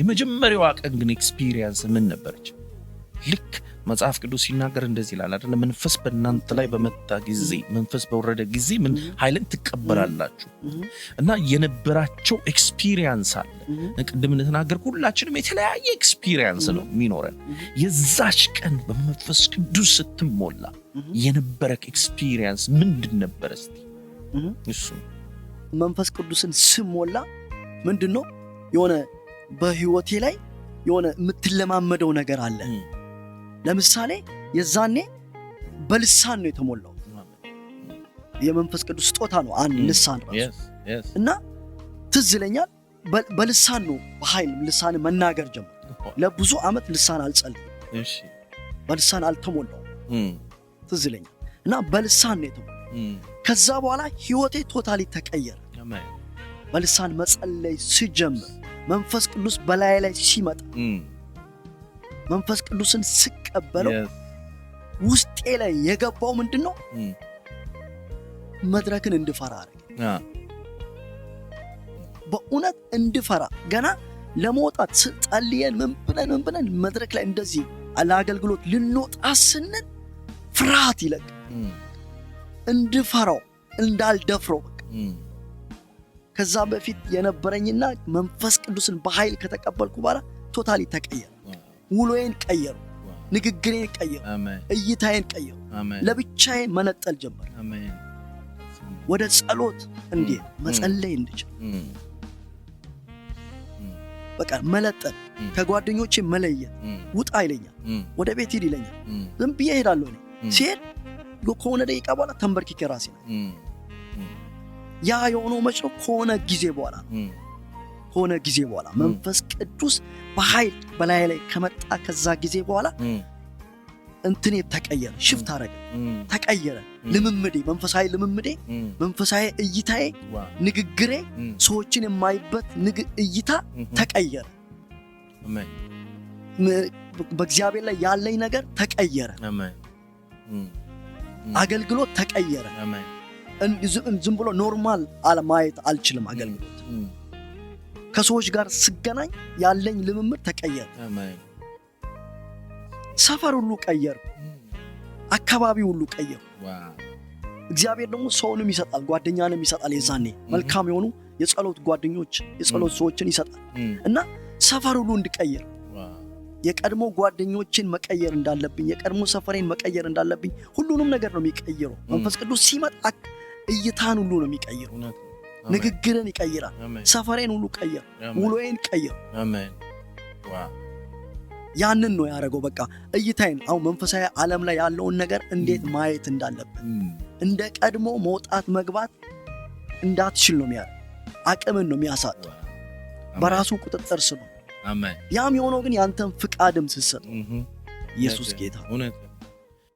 የመጀመሪያዋ ቀን ግን ኤክስፒሪየንስ ምን ነበረች? ልክ መጽሐፍ ቅዱስ ሲናገር እንደዚህ ይላል አይደለ? መንፈስ በእናንተ ላይ በመጣ ጊዜ፣ መንፈስ በወረደ ጊዜ ምን ኃይልን ትቀበላላችሁ እና የነበራቸው ኤክስፒሪየንስ አለ። ቅድም እንደተናገር ሁላችንም የተለያየ ኤክስፒሪየንስ ነው የሚኖረን። የዛች ቀን በመንፈስ ቅዱስ ስትሞላ የነበረ ኤክስፒሪየንስ ምንድን ነበረ? እስቲ እሱ መንፈስ ቅዱስን ስሞላ ምንድን ነው የሆነ በህይወቴ ላይ የሆነ የምትለማመደው ነገር አለ። ለምሳሌ የዛኔ በልሳን ነው የተሞላው። የመንፈስ ቅዱስ ስጦታ ነው አንድ ልሳን ራሱ እና ትዝ ይለኛል። በልሳን ነው በኃይል ልሳን መናገር ጀምር ለብዙ ዓመት ልሳን አልጸል በልሳን አልተሞላው ትዝ ይለኛል እና በልሳን ነው የተሞላ ከዛ በኋላ ህይወቴ ቶታሊ ተቀየረ። በልሳን መጸለይ ሲጀምር መንፈስ ቅዱስ በላይ ላይ ሲመጣ መንፈስ ቅዱስን ስቀበለው ውስጤ ላይ የገባው ምንድን ነው? መድረክን እንድፈራ አረገ። በእውነት እንድፈራ ገና ለመውጣት ስጠልየን ምን ብለን ምን ብለን መድረክ ላይ እንደዚህ ለአገልግሎት ልንወጣ ስንል ፍርሃት ይለቅ እንድፈራው እንዳልደፍረው በቃ ከዛ በፊት የነበረኝና መንፈስ ቅዱስን በኃይል ከተቀበልኩ በኋላ ቶታሊ ተቀየሩ። ውሎዬን ቀየሩ፣ ንግግሬን ቀየሩ፣ እይታዬን ቀየሩ። ለብቻዬን መነጠል ጀመር። ወደ ጸሎት እንዴ መጸለይ እንድችል በቃ መለጠል፣ ከጓደኞቼ መለየት። ውጣ ይለኛል፣ ወደ ቤት ሂድ ይለኛል። ዝም ብዬ ሄዳለሁ። ሲሄድ ከሆነ ደቂቃ በኋላ ተንበርኪኬ ራሴ ነው ያ የሆነው መቼ ነው? ከሆነ ጊዜ በኋላ ከሆነ ጊዜ በኋላ መንፈስ ቅዱስ በኃይል በላይ ላይ ከመጣ ከዛ ጊዜ በኋላ እንትኔ ተቀየረ፣ ሽፍት አረገ፣ ተቀየረ። ልምምዴ፣ መንፈሳዊ ልምምዴ፣ መንፈሳዊ እይታዬ፣ ንግግሬ፣ ሰዎችን የማይበት እይታ ተቀየረ። በእግዚአብሔር ላይ ያለኝ ነገር ተቀየረ። አገልግሎት ተቀየረ። ዝም ብሎ ኖርማል ማየት አልችልም። አገልግሎት ከሰዎች ጋር ስገናኝ ያለኝ ልምምድ ተቀየር ሰፈር ሁሉ ቀየር፣ አካባቢ ሁሉ ቀየር። እግዚአብሔር ደግሞ ሰውንም ይሰጣል፣ ጓደኛንም ይሰጣል። የዛኔ መልካም የሆኑ የጸሎት ጓደኞች፣ የጸሎት ሰዎችን ይሰጣል እና ሰፈር ሁሉ እንድቀይር የቀድሞ ጓደኞችን መቀየር እንዳለብኝ፣ የቀድሞ ሰፈሬን መቀየር እንዳለብኝ ሁሉንም ነገር ነው የሚቀይረው መንፈስ ቅዱስ ሲመጣ እይታን ሁሉ ነው የሚቀይር። ንግግርን ይቀይራል። ሰፈሬን ሁሉ ቀይር፣ ውሎዬን ቀይር። ያንን ነው ያደረገው። በቃ እይታይን አሁን መንፈሳዊ ዓለም ላይ ያለውን ነገር እንዴት ማየት እንዳለብን እንደ ቀድሞ መውጣት መግባት እንዳትችል ነው የሚያ አቅምን ነው የሚያሳጥ በራሱ ቁጥጥር ስ ያም የሆነው ግን ያንተን ፍቃድም ስሰጥ ኢየሱስ ጌታ